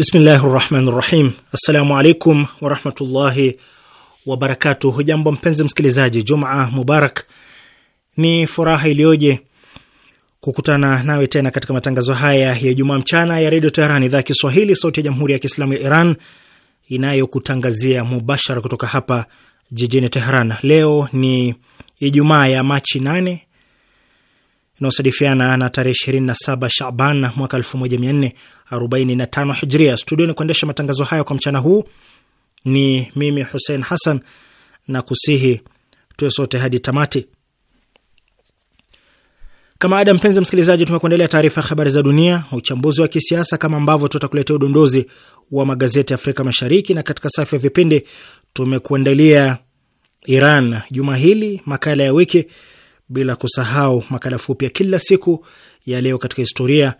Bismillahi rahmani rahim. Assalamu alaikum warahmatullahi wabarakatuh. Hujambo mpenzi msikilizaji, Jumaa mubarak. Ni furaha iliyoje kukutana nawe tena katika matangazo haya ya Jumaa mchana ya Redio Teheran, idhaa ya Kiswahili, sauti ya Jamhuri ya Kiislamu ya Iran inayokutangazia mubashara kutoka hapa jijini Teheran. Leo ni Ijumaa ya Machi nane inayosadifiana na tarehe 27 Shaban mwaka 1445 Hijria. Studioni kuendesha matangazo haya kwa mchana huu ni mimi Hussein Hassan, na kusihi tuwe sote hadi tamati. Kama ada, mpenzi msikilizaji, tumekuendelea taarifa ya habari za dunia, uchambuzi wa kisiasa, kama ambavyo tutakuletea udondozi wa magazeti ya Afrika Mashariki, na katika safu ya vipindi tumekuandalia Iran juma hili, makala ya wiki bila kusahau makala fupi ya kila siku ya leo katika historia,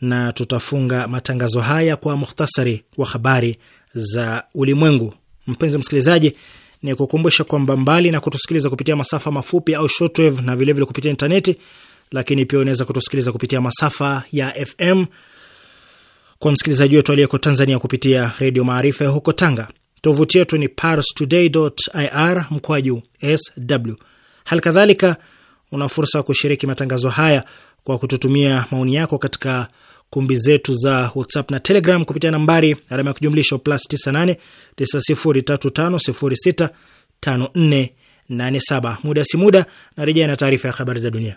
na tutafunga matangazo haya kwa muhtasari wa habari za ulimwengu. Mpenzi msikilizaji, ni kukumbusha kwamba mbali na kutusikiliza kupitia masafa mafupi au shortwave, na vilevile vile kupitia intaneti, lakini pia unaweza kutusikiliza kupitia masafa ya FM kwa msikilizaji wetu aliyeko Tanzania kupitia Redio Maarifa huko Tanga. Tovuti yetu ni parstoday.ir mkwaju sw. Hali kadhalika una fursa ya kushiriki matangazo haya kwa kututumia maoni yako katika kumbi zetu za WhatsApp na Telegram kupitia nambari alama ya kujumlisha plus 98 9035065487. Muda si muda na rejea na taarifa ya habari za dunia.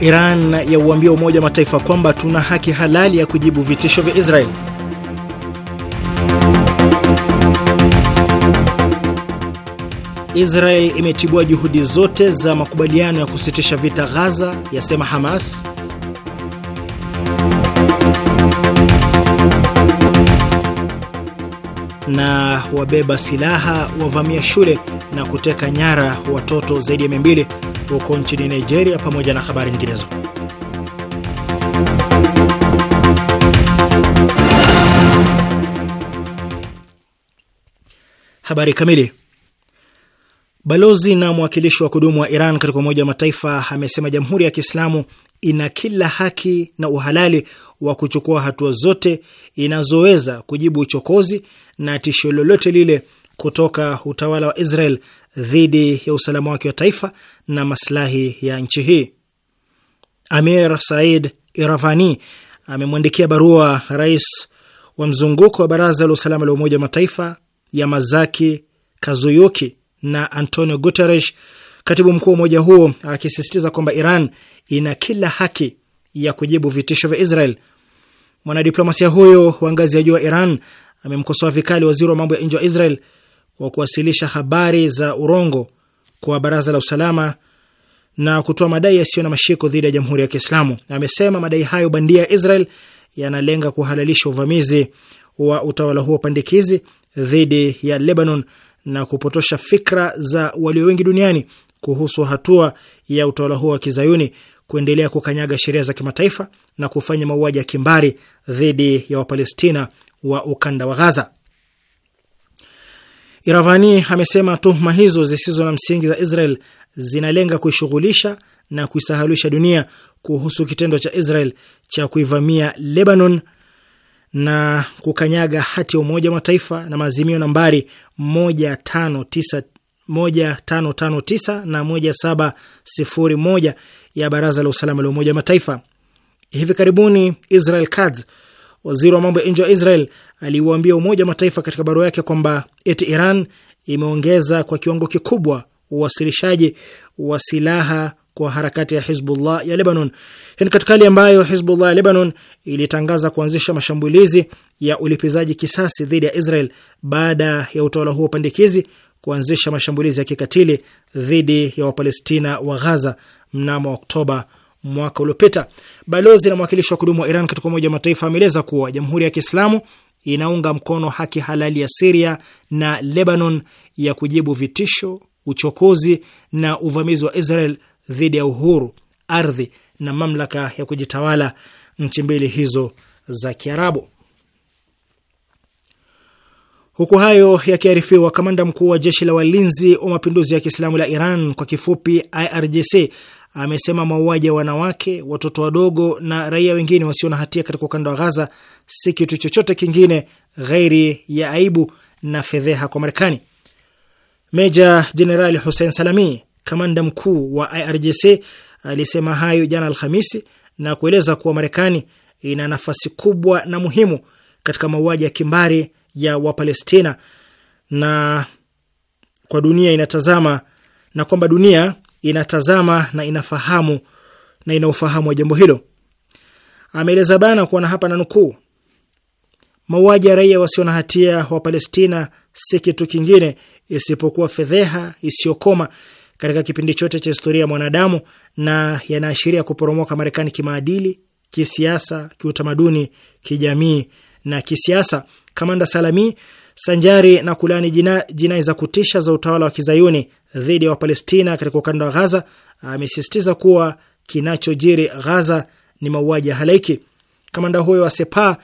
Iran ya uambia Umoja Mataifa kwamba tuna haki halali ya kujibu vitisho vya Israel. Israel imetibua juhudi zote za makubaliano ya kusitisha vita Gaza, yasema Hamas. na wabeba silaha wavamia shule na kuteka nyara watoto zaidi ya mbili huko nchini Nigeria, pamoja na habari nyinginezo. Habari kamili. Balozi na mwakilishi wa kudumu wa Iran katika Umoja wa Mataifa amesema Jamhuri ya Kiislamu ina kila haki na uhalali wa kuchukua hatua zote inazoweza kujibu uchokozi na tishio lolote lile kutoka utawala wa Israel dhidi ya usalama wake wa taifa na maslahi ya nchi hii. Amir Said Iravani amemwandikia barua rais wa mzunguko wa Baraza la Usalama la Umoja wa Mataifa Yamazaki Kazuyuki na Antonio Guterres, katibu mkuu wa umoja huo, akisisitiza kwamba Iran ina kila haki ya kujibu vitisho vya Israel. Mwanadiplomasia huyo wa ngazi ya juu wa Iran amemkosoa vikali waziri wa mambo ya nje wa Israel kwa kuwasilisha habari za urongo kwa baraza la usalama na kutoa madai yasiyo na mashiko dhidi ya jamhuri ya Kiislamu. Amesema madai hayo bandia ya Israel yanalenga kuhalalisha uvamizi wa utawala huo pandikizi dhidi ya Lebanon na kupotosha fikra za walio wengi duniani kuhusu hatua ya utawala huo wa kizayuni kuendelea kukanyaga sheria za kimataifa na kufanya mauaji ya kimbari dhidi ya Wapalestina wa ukanda wa Ghaza. Iravani amesema tuhuma hizo zisizo na msingi za Israel zinalenga kuishughulisha na kuisahalisha dunia kuhusu kitendo cha Israel cha kuivamia Lebanon na kukanyaga hati ya Umoja wa Mataifa na maazimio nambari 1599 1559 na 1701 ya Baraza la Usalama la Umoja wa Mataifa. Hivi karibuni Israel Katz, waziri wa mambo ya nje wa Israel, aliuambia Umoja wa Mataifa katika barua yake kwamba eti Iran imeongeza kwa kiwango kikubwa uwasilishaji wa silaha kwa harakati ya Hizbullah ya Lebanon. Hii ni katika hali ambayo Hizbullah ya Lebanon ilitangaza kuanzisha mashambulizi ya ulipizaji kisasi dhidi ya Israel baada ya utawala huo pandikizi kuanzisha mashambulizi ya kikatili dhidi ya Wapalestina wa Ghaza mnamo Oktoba mwaka uliopita. Balozi na mwakilishi wa kudumu wa Iran katika Umoja wa Mataifa ameeleza kuwa Jamhuri ya Kiislamu inaunga mkono haki halali ya Siria na Lebanon ya kujibu vitisho, uchokozi na uvamizi wa Israel dhidi ya uhuru, ardhi na mamlaka ya kujitawala nchi mbili hizo za Kiarabu. Huku hayo yakiarifiwa, kamanda mkuu wa jeshi la walinzi wa mapinduzi ya Kiislamu la Iran kwa kifupi IRGC amesema mauaji ya wanawake, watoto wadogo na raia wengine wasio na hatia katika ukanda wa Ghaza si kitu chochote kingine ghairi ya aibu na fedheha kwa Marekani. Meja Jenerali Hussein Salami, kamanda mkuu wa IRGC, alisema hayo jana Alhamisi na kueleza kuwa Marekani ina nafasi kubwa na muhimu katika mauaji ya kimbari ya Wapalestina na kwa dunia inatazama na kwamba dunia inatazama na inafahamu na ina ufahamu wa jambo hilo. Ameeleza bana kuwa na hapa na nukuu, mauaji ya raia wasio na hatia wa Palestina si kitu kingine isipokuwa fedheha isiyokoma katika kipindi chote cha historia ya mwanadamu, na yanaashiria kuporomoka Marekani kimaadili, kisiasa, kiutamaduni, kijamii na kisiasa. Kamanda Salami, sanjari na kulani jinai jina za kutisha za utawala wa kizayuni dhidi ya Wapalestina katika ukanda wa Ghaza, amesisitiza kuwa kinachojiri Ghaza ni mauaji ya halaiki. Kamanda huyo wa Sepa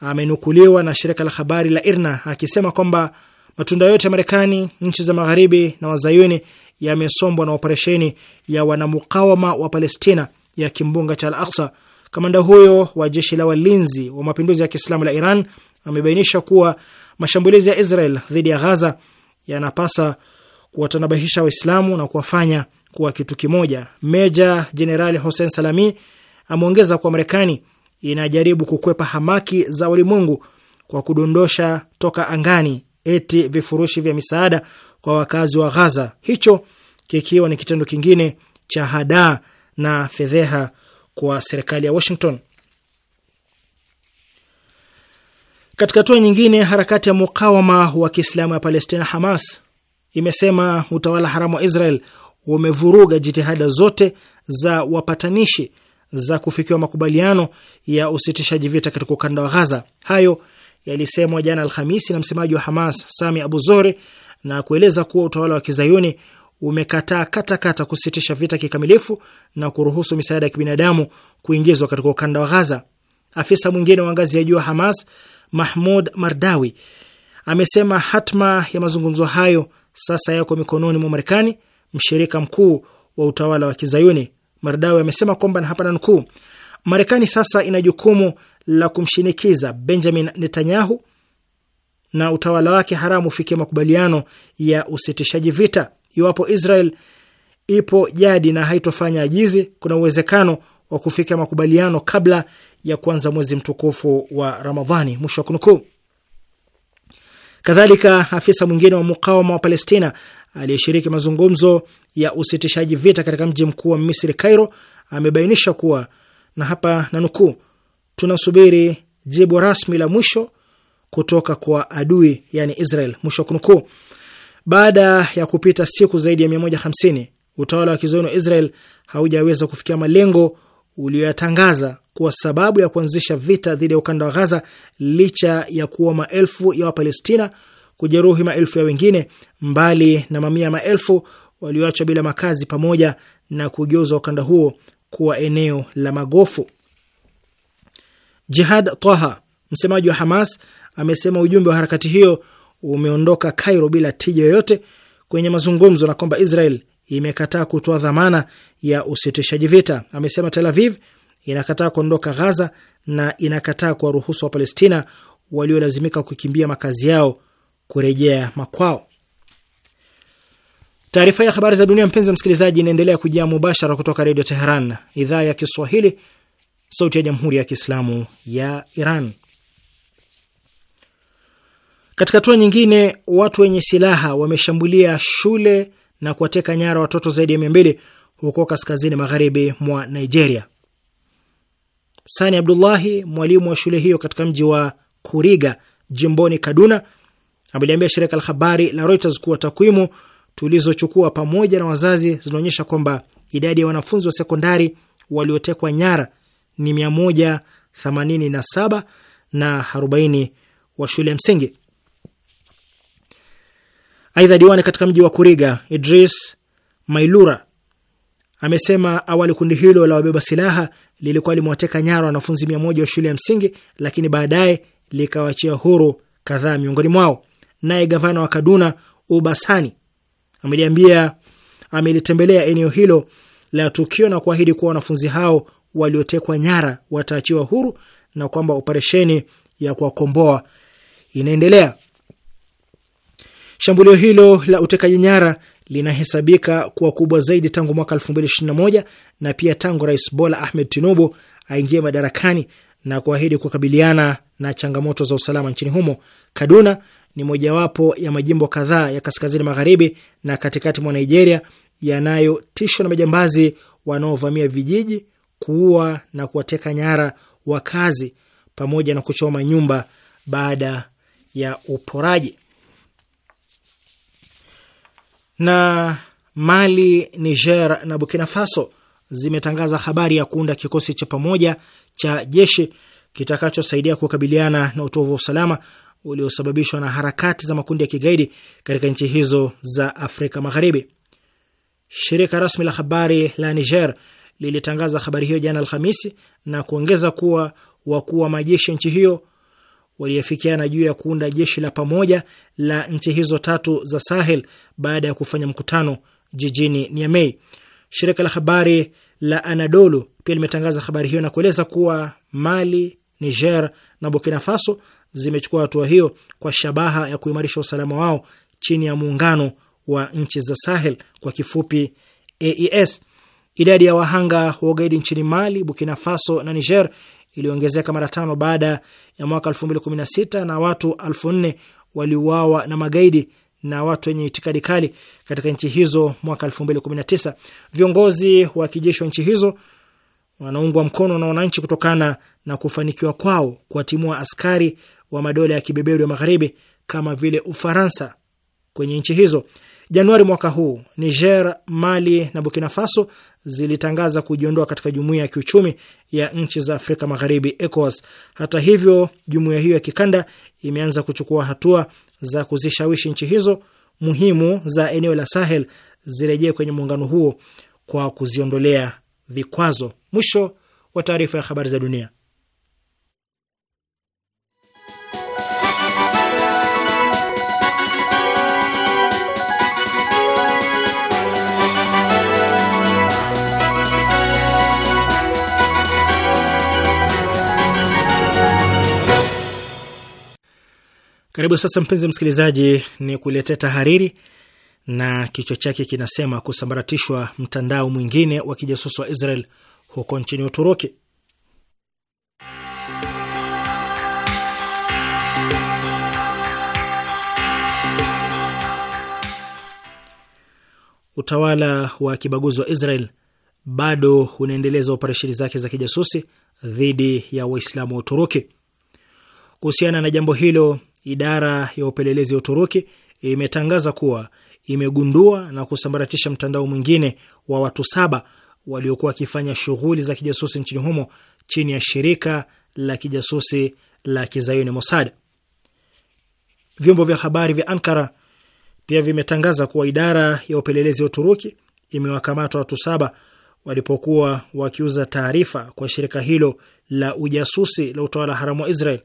amenukuliwa na shirika la habari la IRNA akisema kwamba matunda yote ya Marekani, nchi za Magharibi na Wazayuni yamesombwa na operesheni ya wanamukawama wa Palestina ya kimbunga cha Al Aksa Kamanda huyo wa jeshi la walinzi wa mapinduzi ya Kiislamu la Iran amebainisha kuwa mashambulizi ya Israel dhidi ya Ghaza yanapasa kuwatanabahisha Waislamu na kuwafanya kuwa kitu kimoja. Meja Jenerali hosen Salami ameongeza kuwa Marekani inajaribu kukwepa hamaki za ulimwengu kwa kudondosha toka angani eti vifurushi vya misaada kwa wakazi wa Ghaza, hicho kikiwa ni kitendo kingine cha hadaa na fedheha kwa serikali ya Washington. Katika hatua nyingine, harakati ya mukawama wa Kiislamu ya Palestina, Hamas, imesema utawala haramu wa Israel umevuruga jitihada zote za wapatanishi za kufikiwa makubaliano ya usitishaji vita katika ukanda wa Ghaza. Hayo yalisemwa jana Alhamisi na msemaji wa Hamas Sami Abu zore na kueleza kuwa utawala wa kizayuni umekataa katakata kusitisha vita kikamilifu na kuruhusu misaada ya kibinadamu kuingizwa katika ukanda wa Ghaza. Afisa mwingine wa ngazi ya juu wa Hamas, Mahmud Mardawi, amesema hatma ya mazungumzo hayo sasa yako mikononi mwa Marekani, mshirika mkuu wa utawala wa Kizayuni. Mardawi amesema kwamba, na hapa nanukuu, Marekani sasa ina jukumu la kumshinikiza Benjamin Netanyahu na utawala wake haramu ufikie makubaliano ya usitishaji vita. Iwapo Israel ipo jadi na haitofanya ajizi, kuna uwezekano wa kufika makubaliano kabla ya kuanza mwezi mtukufu wa Ramadhani. Mwisho wa kunukuu. Kadhalika, afisa mwingine wa mukawama wa Palestina aliyeshiriki mazungumzo ya usitishaji vita katika mji mkuu wa Misri, Cairo, amebainisha kuwa na hapa na nukuu, tunasubiri jibu rasmi la mwisho kutoka kwa adui, yani Israel, mwisho wa kunukuu. Baada ya kupita siku zaidi ya 150 utawala wa kizayuni wa Israel haujaweza kufikia malengo ulioyatangaza kuwa sababu ya kuanzisha vita dhidi ya ukanda wa Ghaza, licha ya kuwa maelfu ya Wapalestina kujeruhi maelfu ya wengine, mbali na mamia maelfu walioachwa bila makazi, pamoja na kugeuza ukanda huo kuwa eneo la magofu. Jihad Taha, msemaji wa Hamas, amesema ujumbe wa harakati hiyo umeondoka Cairo bila tija yoyote kwenye mazungumzo na kwamba Israel imekataa kutoa dhamana ya usitishaji vita. Amesema Tel Aviv inakataa kuondoka Ghaza na inakataa kuwaruhusu Wapalestina waliolazimika kukimbia makazi yao kurejea makwao. Taarifa ya habari za dunia, mpenzi msikilizaji, inaendelea kujia mubashara kutoka Redio Teheran, idhaa ya Kiswahili, sauti ya Jamhuri ya Kiislamu ya Iran. Katika hatua nyingine, watu wenye silaha wameshambulia shule na kuwateka nyara watoto zaidi ya mia mbili huko kaskazini magharibi mwa Nigeria. Sani Abdullahi, mwalimu wa shule hiyo katika mji wa Kuriga jimboni Kaduna, ameliambia shirika la habari la Reuters kuwa takwimu tulizochukua pamoja na wazazi zinaonyesha kwamba idadi ya wanafunzi wa sekondari waliotekwa nyara ni 187 na 40 wa shule ya msingi. Aidha, diwani katika mji wa Kuriga Idris Mailura amesema awali kundi hilo la wabeba silaha lilikuwa limewateka nyara wanafunzi mia moja wa shule ya msingi, lakini baadaye likawachia huru kadhaa miongoni mwao. Naye gavana wa Kaduna Ubasani ameliambia amelitembelea eneo hilo la tukio na kuahidi kuwa wanafunzi hao waliotekwa nyara wataachiwa huru na kwamba operesheni ya kuwakomboa inaendelea. Shambulio hilo la utekaji nyara linahesabika kuwa kubwa zaidi tangu mwaka 2021 na pia tangu Rais Bola Ahmed Tinubu aingie madarakani na kuahidi kukabiliana na changamoto za usalama nchini humo. Kaduna ni mojawapo ya majimbo kadhaa ya kaskazini magharibi na katikati mwa Nigeria yanayotishwa na majambazi wanaovamia vijiji, kuua na kuwateka nyara wakazi pamoja na kuchoma nyumba baada ya uporaji. Na Mali, Niger na Burkina Faso zimetangaza habari ya kuunda kikosi cha pamoja cha jeshi kitakachosaidia kukabiliana na utovu wa usalama uliosababishwa na harakati za makundi ya kigaidi katika nchi hizo za Afrika Magharibi. Shirika rasmi la habari la Niger lilitangaza habari hiyo jana Alhamisi na kuongeza kuwa wakuu wa majeshi nchi hiyo waliafikiana juu ya kuunda jeshi la pamoja la nchi hizo tatu za Sahel baada ya kufanya mkutano jijini Niamey. Shirika la habari la Anadolu pia limetangaza habari hiyo na kueleza kuwa Mali, Niger na Burkina Faso zimechukua hatua hiyo kwa shabaha ya kuimarisha usalama wao chini ya muungano wa nchi za Sahel, kwa kifupi AES. Idadi ya wahanga wa ugaidi nchini Mali, Burkina Faso na Niger iliyoongezeka mara tano baada ya mwaka kumi na watu elfu nne waliuawa na magaidi na watu wenye itikadi kali katika nchi hizo mwaka tisa. Viongozi wa kijeshi wa nchi hizo wanaungwa mkono na wananchi kutokana na kufanikiwa kwao kuwatimua askari wa madola ya kibeberu ya magharibi kama vile Ufaransa kwenye nchi hizo. Januari mwaka huu Niger, Mali na Burkina Faso zilitangaza kujiondoa katika jumuiya ya kiuchumi ya nchi za Afrika Magharibi, ECOWAS. Hata hivyo, jumuiya hiyo ya kikanda imeanza kuchukua hatua za kuzishawishi nchi hizo muhimu za eneo la Sahel zirejee kwenye muungano huo kwa kuziondolea vikwazo. Mwisho wa taarifa ya habari za dunia. Karibu sasa, mpenzi msikilizaji, ni kuletea tahariri na kichwa chake kinasema kusambaratishwa mtandao mwingine wa kijasusi wa Israel huko nchini Uturuki. Utawala wa kibaguzi wa Israel bado unaendeleza operesheni zake za kijasusi dhidi ya Waislamu wa Uturuki. Kuhusiana na jambo hilo idara ya upelelezi ya Uturuki imetangaza kuwa imegundua na kusambaratisha mtandao mwingine wa watu saba waliokuwa wakifanya shughuli za kijasusi nchini humo chini ya shirika la kijasusi la kizayuni Mossad. Vyombo vya habari vya Ankara pia vimetangaza kuwa idara ya upelelezi ya Uturuki imewakamata watu saba walipokuwa wakiuza taarifa kwa shirika hilo la ujasusi la utawala haramu wa Israel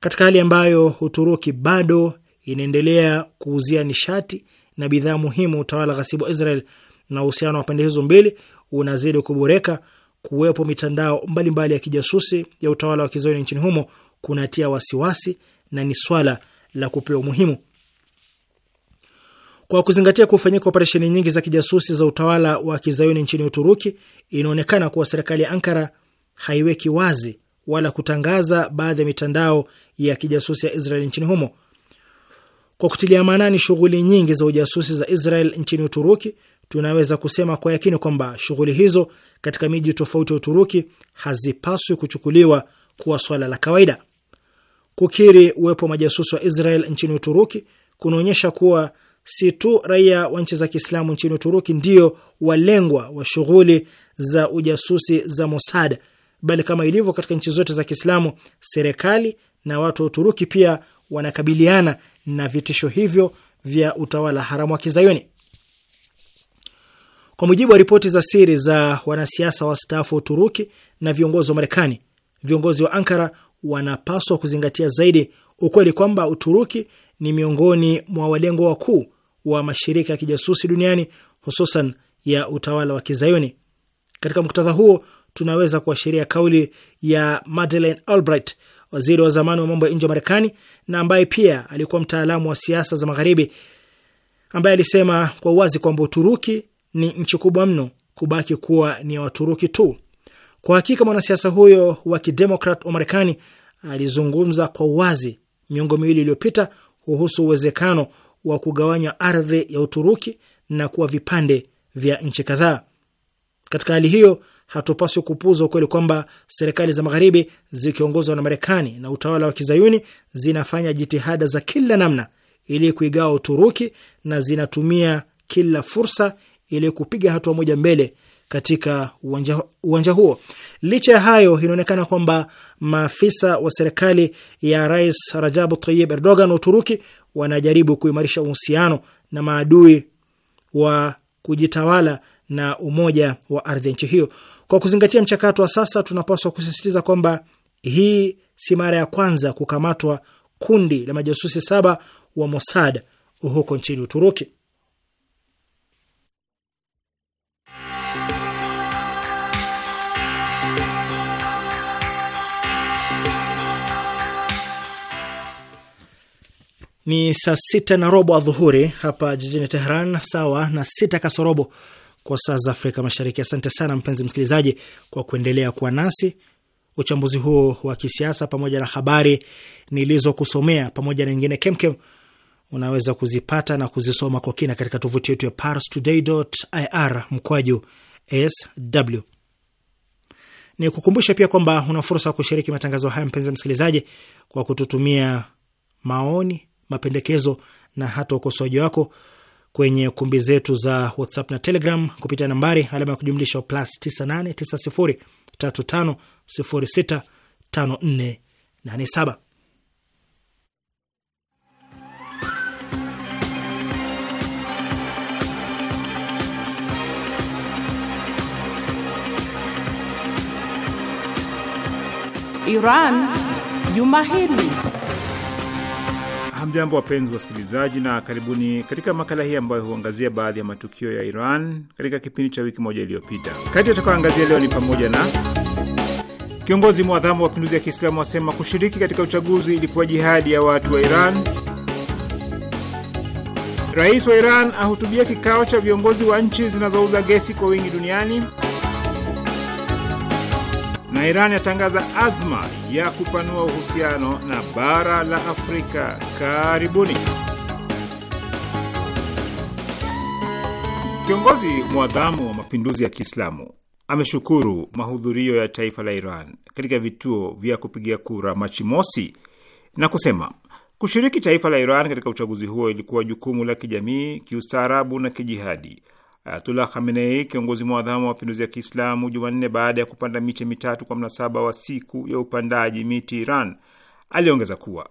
katika hali ambayo Uturuki bado inaendelea kuuzia nishati na bidhaa muhimu utawala ghasibu wa Israel na uhusiano wa pande hizo mbili unazidi kuboreka. Kuwepo mitandao mbalimbali mbali ya kijasusi ya utawala wa kizayuni nchini humo kunatia wasiwasi na ni swala la kupewa umuhimu. Kwa kuzingatia kufanyika operesheni nyingi za kijasusi za utawala wa kizayuni nchini Uturuki, inaonekana kuwa serikali ya Ankara haiweki wazi wala kutangaza baadhi ya mitandao ya kijasusi ya Israel nchini humo. Kwa kutilia maanani shughuli nyingi za ujasusi za Israel nchini Uturuki, tunaweza kusema kwa yakini kwamba shughuli hizo katika miji tofauti ya Uturuki hazipaswi kuchukuliwa kuwa swala la kawaida. Kukiri uwepo wa majasusi wa Israel nchini Uturuki kunaonyesha kuwa si tu raia wa nchi za Kiislamu nchini Uturuki ndio walengwa wa shughuli za ujasusi za Mossad bali kama ilivyo katika nchi zote za Kiislamu, serikali na watu wa Uturuki pia wanakabiliana na vitisho hivyo vya utawala haramu wa Kizayuni. Kwa mujibu wa ripoti za siri za wanasiasa wastaafu wa Uturuki na viongozi wa Marekani, viongozi wa Ankara wanapaswa kuzingatia zaidi ukweli kwamba Uturuki ni miongoni mwa walengo wakuu wa mashirika ya kijasusi duniani, hususan ya utawala wa Kizayuni. Katika muktadha huo, tunaweza kuashiria kauli ya Madeleine Albright, waziri wa zamani wa mambo ya nje wa Marekani na ambaye pia alikuwa mtaalamu wa siasa za Magharibi, ambaye alisema kwa uwazi kwamba Uturuki ni nchi kubwa mno kubaki kuwa ni ya Waturuki tu. Kwa hakika mwanasiasa huyo wa kidemokrat wa Marekani alizungumza kwa uwazi miongo miwili iliyopita kuhusu uwezekano wa kugawanya ardhi ya Uturuki na kuwa vipande vya nchi kadhaa. Katika hali hiyo hatupaswi kupuza ukweli kwamba serikali za magharibi zikiongozwa na Marekani na utawala wa kizayuni zinafanya jitihada za kila namna ili kuigawa Uturuki na zinatumia kila fursa ili kupiga hatua moja mbele katika uwanja, uwanja huo. Licha ya hayo, inaonekana kwamba maafisa wa serikali ya Rais Rajabu Tayib Erdogan wa Uturuki wanajaribu kuimarisha uhusiano na maadui wa kujitawala na umoja wa ardhi ya nchi hiyo. Kwa kuzingatia mchakato wa sasa, tunapaswa kusisitiza kwamba hii si mara ya kwanza kukamatwa kundi la majasusi saba wa Mossad huko nchini Uturuki. Ni saa sita na robo adhuhuri hapa jijini teheran sawa na sita kasorobo kwa saa za Afrika Mashariki. Asante sana mpenzi msikilizaji kwa kuendelea kuwa nasi. Uchambuzi huo wa kisiasa pamoja na habari nilizokusomea pamoja na nyingine kemkem unaweza kuzipata na kuzisoma kwa kina katika tovuti yetu ya parstoday.ir mkwaju sw. Ni kukumbusha pia kwamba una fursa ya kushiriki matangazo haya, mpenzi msikilizaji, kwa kututumia maoni, mapendekezo na hata ukosoaji wako kwenye kumbi zetu za WhatsApp na Telegram kupitia nambari alama ya kujumlisha plus 989035065487. Iran Juma hili Hamjambo, wapenzi wasikilizaji, na karibuni katika makala hii ambayo huangazia baadhi ya matukio ya Iran katika kipindi cha wiki moja iliyopita. Kati yatakayoangazia leo ni pamoja na kiongozi mwadhamu wa mapinduzi ya Kiislamu asema kushiriki katika uchaguzi ilikuwa jihadi ya watu wa Iran, rais wa Iran ahutubia kikao cha viongozi wa nchi zinazouza gesi kwa wingi duniani na Iran yatangaza azma ya kupanua uhusiano na bara la Afrika. Karibuni. Kiongozi mwadhamu wa mapinduzi ya Kiislamu ameshukuru mahudhurio ya taifa la Iran katika vituo vya kupigia kura Machi mosi na kusema kushiriki taifa la Iran katika uchaguzi huo ilikuwa jukumu la kijamii, kiustaarabu na kijihadi. Ayatullah Khamenei, kiongozi mwadhamu wa mapinduzi ya Kiislamu, Jumanne baada ya kupanda miche mitatu kwa mnasaba wa siku ya upandaji miti Iran, aliongeza kuwa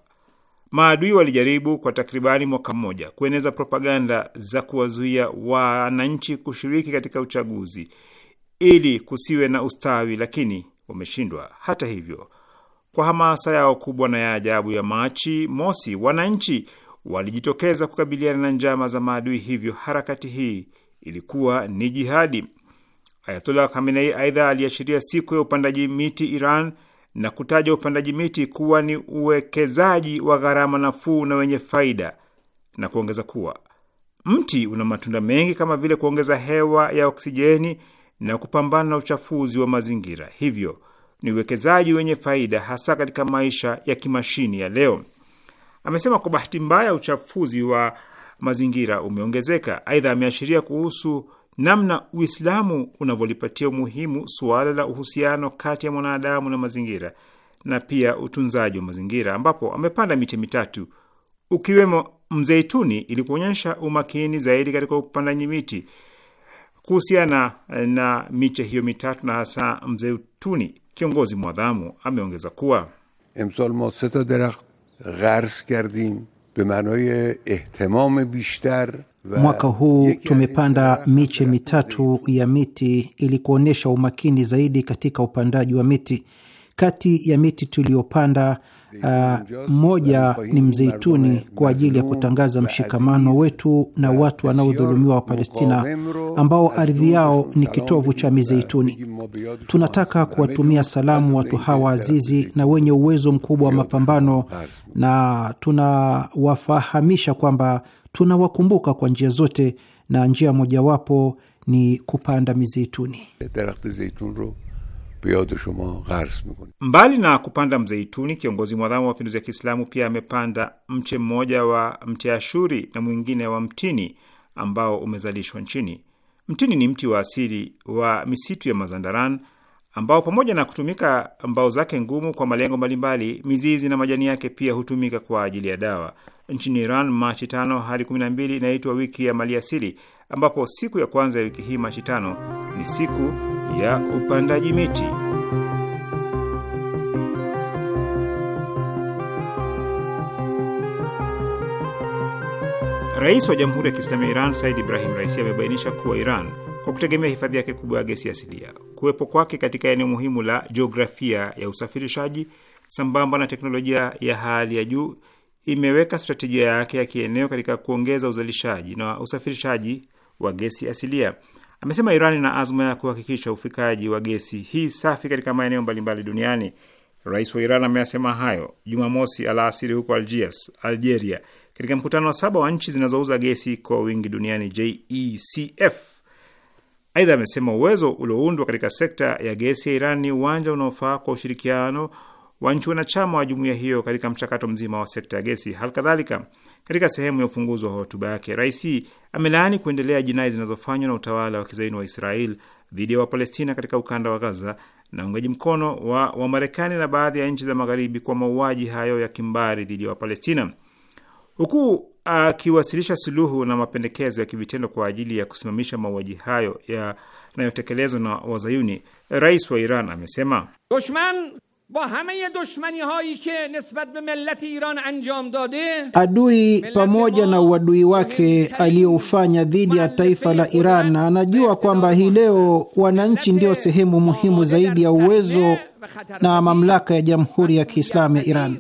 maadui walijaribu kwa takribani mwaka mmoja kueneza propaganda za kuwazuia wananchi kushiriki katika uchaguzi ili kusiwe na ustawi, lakini wameshindwa. Hata hivyo, kwa hamasa yao kubwa na ya ajabu ya Machi mosi, wananchi walijitokeza kukabiliana na njama za maadui, hivyo harakati hii ilikuwa ni jihadi. Ayatollah Khamenei aidha aliashiria siku ya upandaji miti Iran na kutaja upandaji miti kuwa ni uwekezaji wa gharama nafuu na wenye faida na kuongeza kuwa mti una matunda mengi kama vile kuongeza hewa ya oksijeni na kupambana na uchafuzi wa mazingira, hivyo ni uwekezaji wenye faida hasa katika maisha ya kimashini ya leo. Amesema kwa bahati mbaya uchafuzi wa mazingira umeongezeka. Aidha, ameashiria kuhusu namna Uislamu unavyolipatia umuhimu suala la uhusiano kati ya mwanadamu na mazingira na pia utunzaji wa mazingira, ambapo amepanda miche mitatu ukiwemo mzeituni ili kuonyesha umakini zaidi katika upandaji miti. Kuhusiana na miche hiyo mitatu na hasa mzeituni, kiongozi mwadhamu ameongeza kuwa emsol mo gharz kardim Mwaka huu tumepanda miche mitatu ya miti ili kuonyesha umakini zaidi katika upandaji wa miti. Kati ya miti tuliyopanda Uh, moja ni mzeituni kwa ajili ya kutangaza mshikamano wetu na watu wanaodhulumiwa wa Palestina ambao ardhi yao ni kitovu cha mizeituni. Tunataka kuwatumia salamu watu hawa azizi na wenye uwezo mkubwa wa mapambano, na tunawafahamisha kwamba tunawakumbuka kwa njia zote, na njia mojawapo ni kupanda mizeituni. بیاد شما قرض میکنیم. Mbali na kupanda mzeituni, kiongozi mwadhamu wa mapinduzi ya Kiislamu pia amepanda mche mmoja wa mti ashuri na mwingine wa mtini ambao umezalishwa nchini. Mtini ni mti wa asili wa misitu ya Mazandaran ambao pamoja na kutumika mbao zake ngumu kwa malengo mbalimbali, mizizi na majani yake pia hutumika kwa ajili ya dawa. Nchini Iran, Machi tano hadi kumi na mbili inaitwa wiki ya maliasili ambapo siku ya kwanza ya wiki hii Machi tano ni siku ya upandaji miti. Rais wa Jamhuri ya Kiislamu ya Iran Said Ibrahim Raisi amebainisha kuwa Iran kwa kutegemea hifadhi yake kubwa ya gesi asilia, kuwepo kwake katika eneo muhimu la jiografia ya usafirishaji sambamba na teknolojia ya hali ya juu imeweka stratejia yake ya kieneo katika kuongeza uzalishaji na usafirishaji wa gesi asilia. Amesema Iran ina azma ya kuhakikisha ufikaji wa gesi hii safi katika maeneo mbalimbali duniani. Rais wa Iran ameyasema hayo Jumamosi alaasiri huko Algiers, Algeria, katika mkutano wa saba wa nchi zinazouza gesi kwa wingi duniani JECF. Aidha, amesema uwezo ulioundwa katika sekta ya gesi ya Iran ni uwanja unaofaa kwa ushirikiano wa nchi wanachama wa jumuiya hiyo katika mchakato mzima wa sekta ya gesi. Hali kadhalika katika sehemu ya ufunguzi wa hotuba yake, rais amelaani kuendelea jinai zinazofanywa na utawala wa kizaini wa Israel dhidi ya Wapalestina katika ukanda wa Gaza na uungaji mkono wa Wamarekani na baadhi ya nchi za Magharibi kwa mauaji hayo ya kimbari dhidi ya Wapalestina, huku akiwasilisha suluhu na mapendekezo ya kivitendo kwa ajili ya kusimamisha mauaji hayo yanayotekelezwa na Wazayuni. Rais wa Iran amesema با همه دشمنی که نسبت به ملت ایران انجام adui pamoja na uadui wake aliyoufanya dhidi ya taifa la Iran anajua kwamba hii leo wananchi ndio sehemu muhimu zaidi ya uwezo na mamlaka ya Jamhuri ya Kiislamu ya Iran.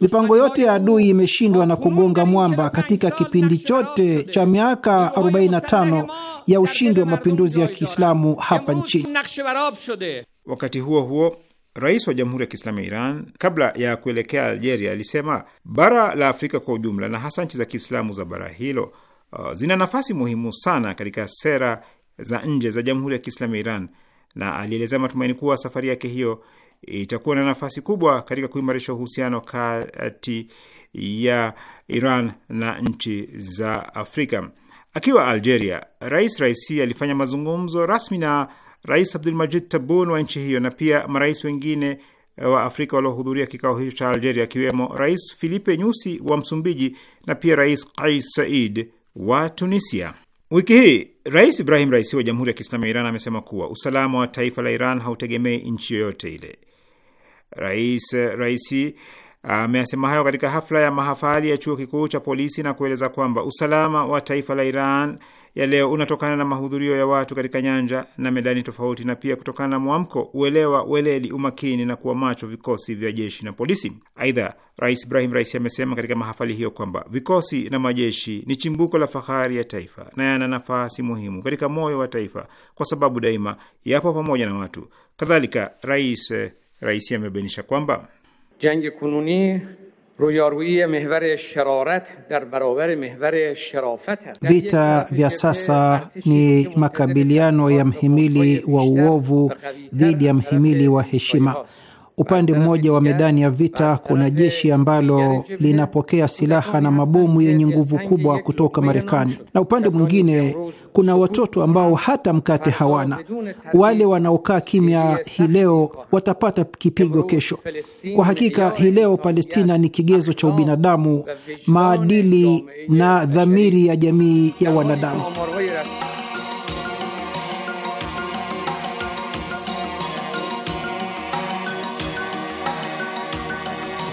Mipango yote ya adui imeshindwa na kugonga mwamba katika kipindi chote cha miaka 45 ya ushindi wa mapinduzi ya Kiislamu hapa nchini. Wakati huo huo Rais wa Jamhuri ya Kiislamu ya Iran kabla ya kuelekea Algeria alisema bara la Afrika kwa ujumla na hasa nchi za Kiislamu za bara hilo uh, zina nafasi muhimu sana katika sera za nje za Jamhuri ya Kiislamu ya Iran, na alielezea matumaini kuwa safari yake hiyo itakuwa na nafasi kubwa katika kuimarisha uhusiano kati ya Iran na nchi za Afrika. Akiwa Algeria, Rais Raisi alifanya mazungumzo rasmi na Rais Abdulmajid Tabun wa nchi hiyo na pia marais wengine eh, wa Afrika waliohudhuria kikao hicho cha Algeria, akiwemo Rais Filipe Nyusi wa Msumbiji na pia Rais Kais Said wa Tunisia. Wiki hii Rais Ibrahim Raisi wa Jamhuri ya Kiislamu ya Iran amesema kuwa usalama wa taifa la Iran hautegemei nchi yoyote ile. Rais eh, Raisi eh, ameasema hayo katika hafla ya mahafali ya chuo kikuu cha polisi na kueleza kwamba usalama wa taifa la Iran ya leo unatokana na mahudhurio ya watu katika nyanja na medani tofauti, na pia kutokana na mwamko, uelewa, weledi, umakini na kuwa macho vikosi vya jeshi na polisi. Aidha, Rais Ibrahim Raisi amesema katika mahafali hiyo kwamba vikosi na majeshi ni chimbuko la fahari ya taifa na yana nafasi muhimu katika moyo wa taifa, kwa sababu daima yapo pamoja na watu. Kadhalika, Rais eh, Raisi amebainisha kwamba jangi kununi Vita vya sasa ni makabiliano ya mhimili wa uovu dhidi ya mhimili wa heshima. Upande mmoja wa medani ya vita kuna jeshi ambalo linapokea silaha na mabomu yenye nguvu kubwa kutoka Marekani, na upande mwingine kuna watoto ambao hata mkate hawana. Wale wanaokaa kimya hii leo watapata kipigo kesho. Kwa hakika, hii leo Palestina ni kigezo cha ubinadamu, maadili na dhamiri ya jamii ya wanadamu.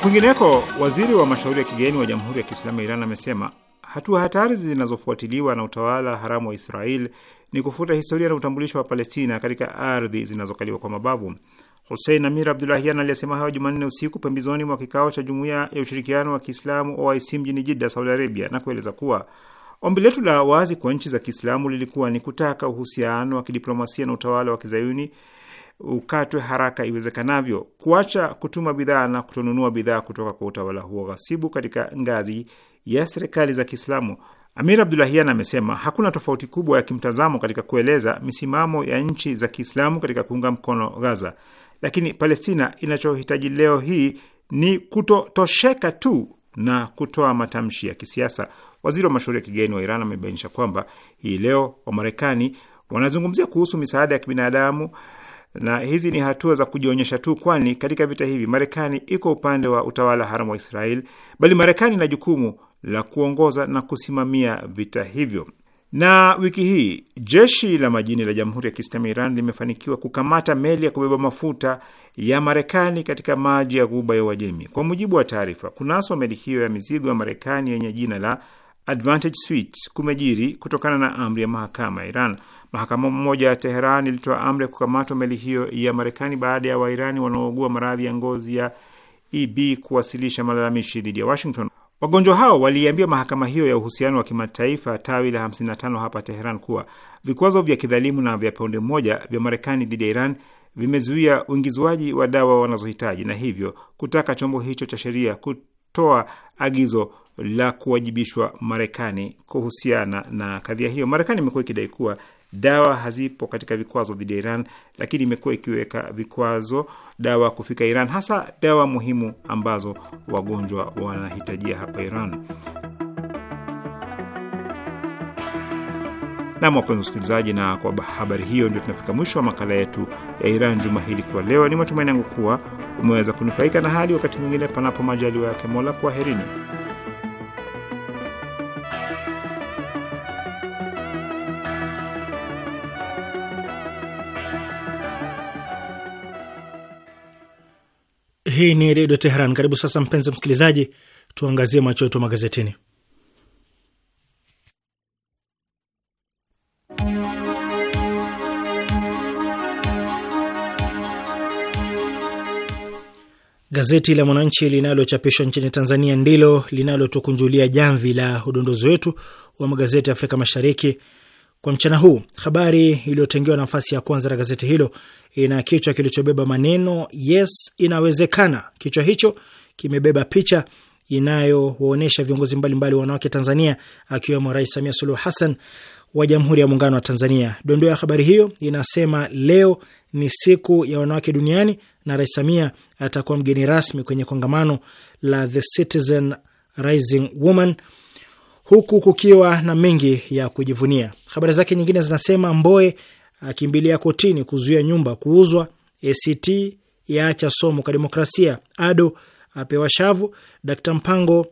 Kwingineko, waziri wa mashauri ya kigeni wa Jamhuri ya Kiislamu ya Iran amesema hatua hatari zinazofuatiliwa na utawala haramu wa Israel ni kufuta historia na utambulisho wa Palestina katika ardhi zinazokaliwa kwa mabavu. Husein Amir Abdulahian aliyesema hayo Jumanne usiku pembezoni mwa kikao cha Jumuiya ya Ushirikiano wa Kiislamu OIC mjini Jidda, Saudi Arabia, na kueleza kuwa ombi letu la wazi kwa nchi za Kiislamu lilikuwa ni kutaka uhusiano wa kidiplomasia na utawala wa kizayuni ukatwe haraka iwezekanavyo, kuacha kutuma bidhaa na kutonunua bidhaa kutoka kwa utawala huo ghasibu katika ngazi ya serikali za Kiislamu. Amir Abdulahian amesema hakuna tofauti kubwa ya kimtazamo katika kueleza misimamo ya nchi za Kiislamu katika kuunga mkono Gaza, lakini Palestina inachohitaji leo hii ni kutotosheka tu na kutoa matamshi ya kisiasa. Waziri wa mashauri ya kigeni wa Iran amebainisha kwamba hii leo Wamarekani wanazungumzia kuhusu misaada ya kibinadamu na hizi ni hatua za kujionyesha tu, kwani katika vita hivi Marekani iko upande wa utawala haramu wa Israel, bali Marekani ina jukumu la kuongoza na kusimamia vita hivyo. Na wiki hii jeshi la majini la Jamhuri ya Kiislamu Iran limefanikiwa kukamata meli ya kubeba mafuta ya Marekani katika maji ya Ghuba ya Uajemi. Kwa mujibu wa taarifa, kunaswa meli hiyo ya mizigo ya Marekani yenye jina la Advantage Suites kumejiri kutokana na amri ya mahakama ya Iran. Mahakama moja ya Teheran ilitoa amri ya kukamatwa meli hiyo ya Marekani baada ya Wairani wanaougua maradhi ya ngozi ya EB kuwasilisha malalamishi dhidi ya Washington. Wagonjwa hao waliiambia mahakama hiyo ya uhusiano wa kimataifa tawi la 55 hapa Teheran kuwa vikwazo vya kidhalimu na vya pande moja vya Marekani dhidi ya Iran vimezuia uingizwaji wa dawa wanazohitaji na hivyo kutaka chombo hicho cha sheria kutoa agizo la kuwajibishwa Marekani kuhusiana na kadhia hiyo. Marekani imekuwa ikidai kuwa dawa hazipo katika vikwazo dhidi ya Iran, lakini imekuwa ikiweka vikwazo dawa kufika Iran, hasa dawa muhimu ambazo wagonjwa wanahitajia hapa Iran. Nam, wapenzi wasikilizaji, na kwa habari hiyo ndio tunafika mwisho wa makala yetu ya Iran juma hili kwa leo. Ni matumaini yangu kuwa umeweza kunufaika na hali wakati mwingine, panapo majaliwa yake Mola. Kwaherini. Hii ni Redio Teheran. Karibu sasa, mpenzi msikilizaji, tuangazie macho yetu magazetini. Gazeti la Mwananchi linalochapishwa nchini Tanzania ndilo linalotukunjulia jamvi la udondozi wetu wa magazeti ya Afrika Mashariki kwa mchana huu. Habari iliyotengewa nafasi ya kwanza na gazeti hilo ina kichwa kilichobeba maneno yes inawezekana. Kichwa hicho kimebeba picha inayowaonyesha viongozi mbalimbali wanawake Tanzania, akiwemo Rais Samia Suluhu Hassan wa Jamhuri ya Muungano wa Tanzania. Dondoo ya habari hiyo inasema leo ni siku ya wanawake duniani na Rais Samia atakuwa mgeni rasmi kwenye kongamano la The Citizen Rising Woman huku kukiwa na mengi ya kujivunia. Habari zake nyingine zinasema Mboe akimbilia kotini kuzuia nyumba kuuzwa, ACT yaacha somo kwa demokrasia, Ado apewa shavu, Dkt Mpango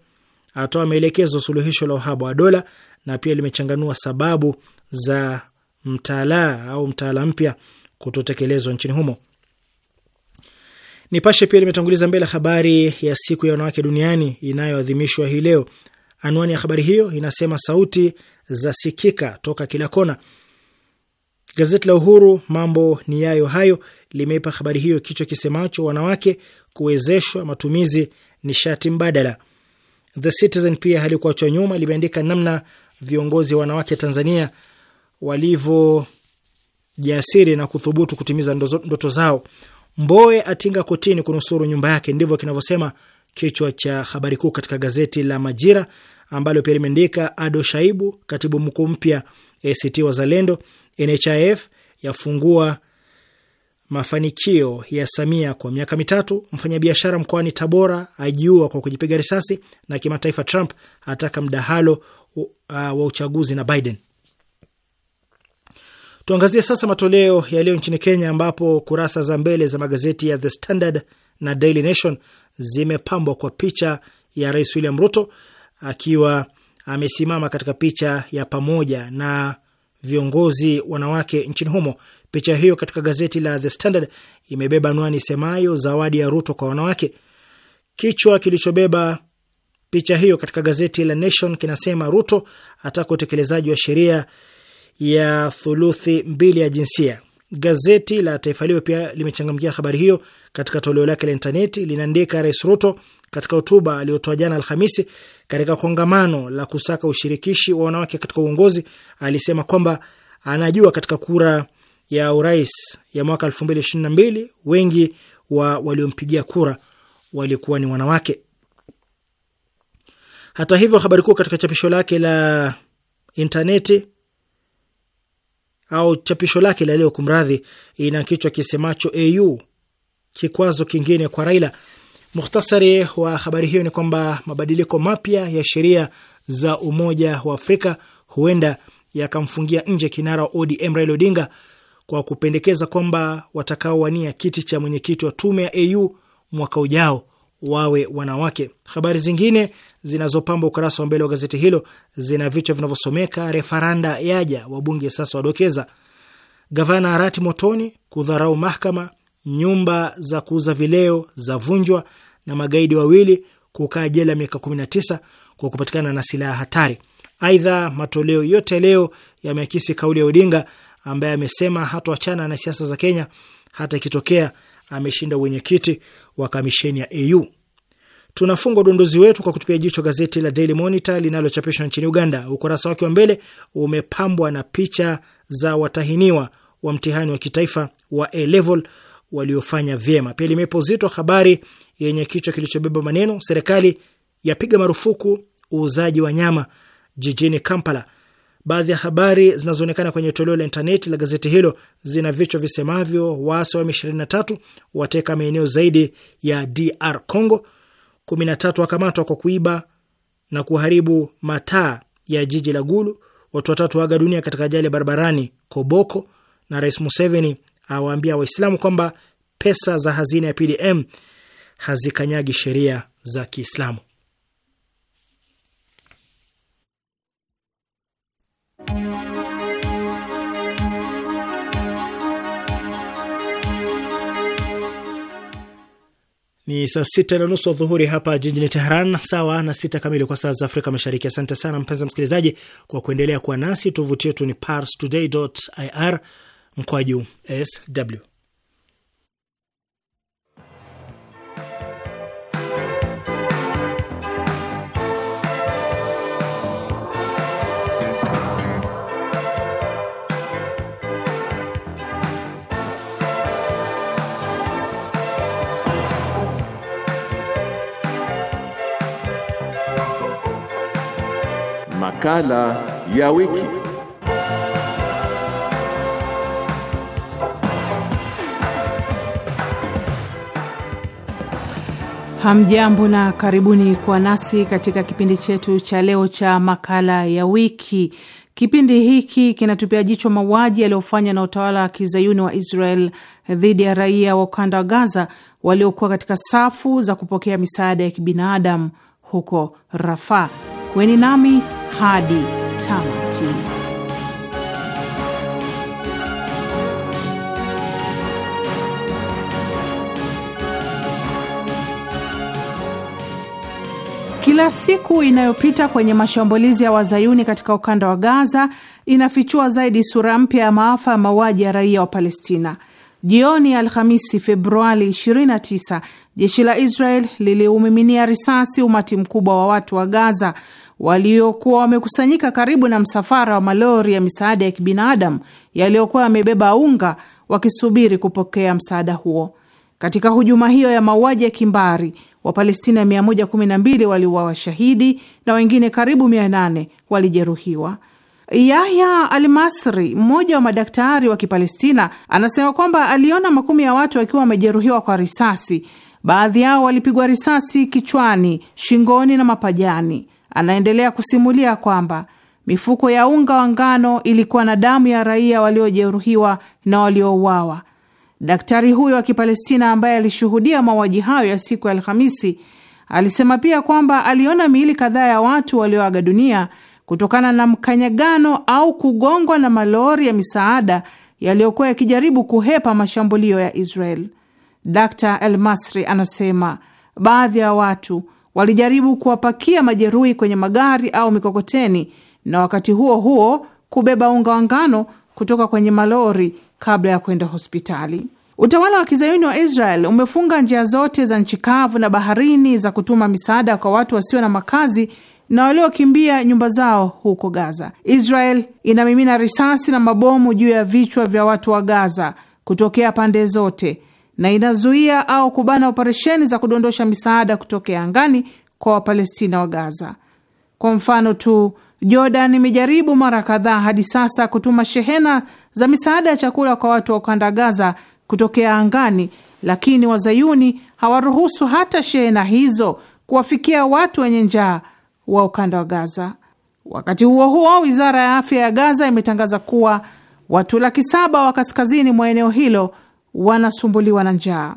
atoa maelekezo suluhisho la uhaba wa dola, na pia limechanganua sababu za mtaala au mtaala mpya kutotekelezwa nchini humo. Nipashe pia limetanguliza mbele habari ya siku ya wanawake duniani inayoadhimishwa hii leo Anwani ya habari hiyo inasema sauti za sikika toka kila kona. Gazeti la Uhuru mambo ni yayo hayo limeipa habari hiyo kichwa kisemacho wanawake kuwezeshwa matumizi nishati mbadala. The Citizen pia halikuachwa nyuma, limeandika namna viongozi wanawake Tanzania walivyojiasiri na kuthubutu kutimiza ndoto zao. Mboe atinga kotini kunusuru nyumba yake, ndivyo kinavyosema kichwa cha habari kuu katika gazeti la Majira ambalo pia limeandika Ado Shaibu, katibu mkuu mpya ACT Wazalendo. NHIF yafungua mafanikio ya Samia kwa miaka mitatu. Mfanyabiashara mkoani Tabora ajiua kwa kujipiga risasi. Na kimataifa, Trump ataka mdahalo uh, wa uchaguzi na Biden. Tuangazie sasa matoleo ya leo nchini Kenya, ambapo kurasa za mbele za magazeti ya The Standard na Daily Nation zimepambwa kwa picha ya Rais William Ruto akiwa amesimama katika picha ya pamoja na viongozi wanawake nchini humo. Picha hiyo katika gazeti la The Standard imebeba anwani semayo zawadi ya Ruto kwa wanawake. Kichwa kilichobeba picha hiyo katika gazeti la Nation kinasema Ruto ataka utekelezaji wa sheria ya thuluthi mbili ya jinsia. Gazeti la Taifa Leo pia limechangamkia habari hiyo katika toleo lake la intaneti. Linaandika, Rais Ruto katika hotuba aliyotoa jana Alhamisi katika kongamano la kusaka ushirikishi wa wanawake katika uongozi alisema kwamba anajua katika kura ya urais ya mwaka 2022 wengi wa waliompigia kura walikuwa ni wanawake. Hata hivyo, habari kuu katika chapisho lake la intaneti au chapisho lake la leo, kumradhi, ina kichwa kisemacho AU kikwazo kingine kwa Raila. Mukhtasari wa habari hiyo ni kwamba mabadiliko mapya ya sheria za Umoja wa Afrika huenda yakamfungia nje kinara wa ODM Raila Odinga kwa kupendekeza kwamba watakaowania kiti cha mwenyekiti wa tume ya AU mwaka ujao wawe wanawake. Habari zingine zinazopamba ukurasa wa mbele wa gazeti hilo zina vichwa vinavyosomeka: refaranda yaja, wabunge sasa wadokeza; gavana Arati motoni kudharau mahakama; nyumba za kuuza vileo za vunjwa, na magaidi wawili kukaa jela miaka 19 kwa kupatikana na silaha hatari. Aidha, matoleo yote leo yameakisi kauli ya Odinga ambaye amesema hatoachana na siasa za Kenya hata ikitokea ameshinda uwenyekiti wa kamisheni ya AU. Tunafunga udondozi wetu kwa kutupia jicho gazeti la Daily Monitor linalochapishwa nchini Uganda. Ukurasa wake wa mbele umepambwa na picha za watahiniwa wa mtihani wa kitaifa wa A level waliofanya vyema. Pia limepo uzito habari yenye kichwa kilichobeba maneno serikali yapiga marufuku uuzaji wa nyama jijini Kampala. Baadhi ya habari zinazoonekana kwenye toleo la intaneti la gazeti hilo zina vichwa visemavyo: waasi wa M23 wateka maeneo zaidi ya DR Congo, 13 wakamatwa kwa kuiba na kuharibu mataa ya jiji la Gulu. Watu watatu waaga dunia katika ajali ya barabarani Koboko, na Rais Museveni awaambia Waislamu kwamba pesa za hazina ya PDM hazikanyagi sheria za Kiislamu. Ni saa sita na nusu adhuhuri hapa jijini Teheran, sawa na sita kamili kwa saa za Afrika Mashariki. Asante sana mpenzi msikilizaji kwa kuendelea kuwa nasi. Tovuti yetu ni parstoday.ir mkwaju sw Makala ya wiki. Hamjambo na karibuni kwa nasi katika kipindi chetu cha leo cha makala ya wiki. Kipindi hiki kinatupia jicho mauaji yaliyofanywa na utawala wa kizayuni wa Israel dhidi ya raia wa ukanda wa Gaza waliokuwa katika safu za kupokea misaada ya kibinadamu huko Rafaa. Kweni nami hadi tamati. Kila siku inayopita kwenye mashambulizi ya wazayuni katika ukanda wa Gaza inafichua zaidi sura mpya ya maafa ya mauaji ya raia wa Palestina. Jioni ya Alhamisi, Februari 29, jeshi la Israel liliumiminia risasi umati mkubwa wa watu wa Gaza waliokuwa wamekusanyika karibu na msafara wa malori ya misaada ya kibinadamu yaliyokuwa yamebeba unga wakisubiri kupokea msaada huo. Katika hujuma hiyo ya mauaji ya kimbari, Wapalestina 112 waliuawa shahidi na wengine karibu 800 walijeruhiwa. Yahya Almasri, mmoja wa madaktari wa Kipalestina, anasema kwamba aliona makumi ya watu wakiwa wamejeruhiwa kwa risasi. Baadhi yao walipigwa risasi kichwani, shingoni na mapajani. Anaendelea kusimulia kwamba mifuko ya unga wa ngano ilikuwa na damu ya raia waliojeruhiwa na waliouawa. Daktari huyo wa Kipalestina ambaye alishuhudia mauaji hayo ya siku ya Alhamisi alisema pia kwamba aliona miili kadhaa ya watu walioaga dunia kutokana na mkanyagano au kugongwa na malori ya misaada yaliyokuwa yakijaribu kuhepa mashambulio ya Israel. Dr. El Masri anasema baadhi ya watu walijaribu kuwapakia majeruhi kwenye magari au mikokoteni na wakati huo huo kubeba unga wa ngano kutoka kwenye malori kabla ya kwenda hospitali. Utawala wa kizayuni wa Israel umefunga njia zote za nchi kavu na baharini za kutuma misaada kwa watu wasio na makazi na waliokimbia nyumba zao huko Gaza. Israel inamimina risasi na mabomu juu ya vichwa vya watu wa Gaza kutokea pande zote na inazuia au kubana operesheni za kudondosha misaada kutokea angani kwa Wapalestina wa Gaza. Kwa mfano tu, Jordan imejaribu mara kadhaa hadi sasa kutuma shehena za misaada ya chakula kwa watu wa ukanda Gaza kutokea angani, lakini wazayuni hawaruhusu hata shehena hizo kuwafikia watu wenye njaa wa ukanda wa Gaza. Wakati huo huo, wizara ya afya ya Gaza imetangaza kuwa watu laki saba wa kaskazini mwa eneo hilo wanasumbuliwa na njaa.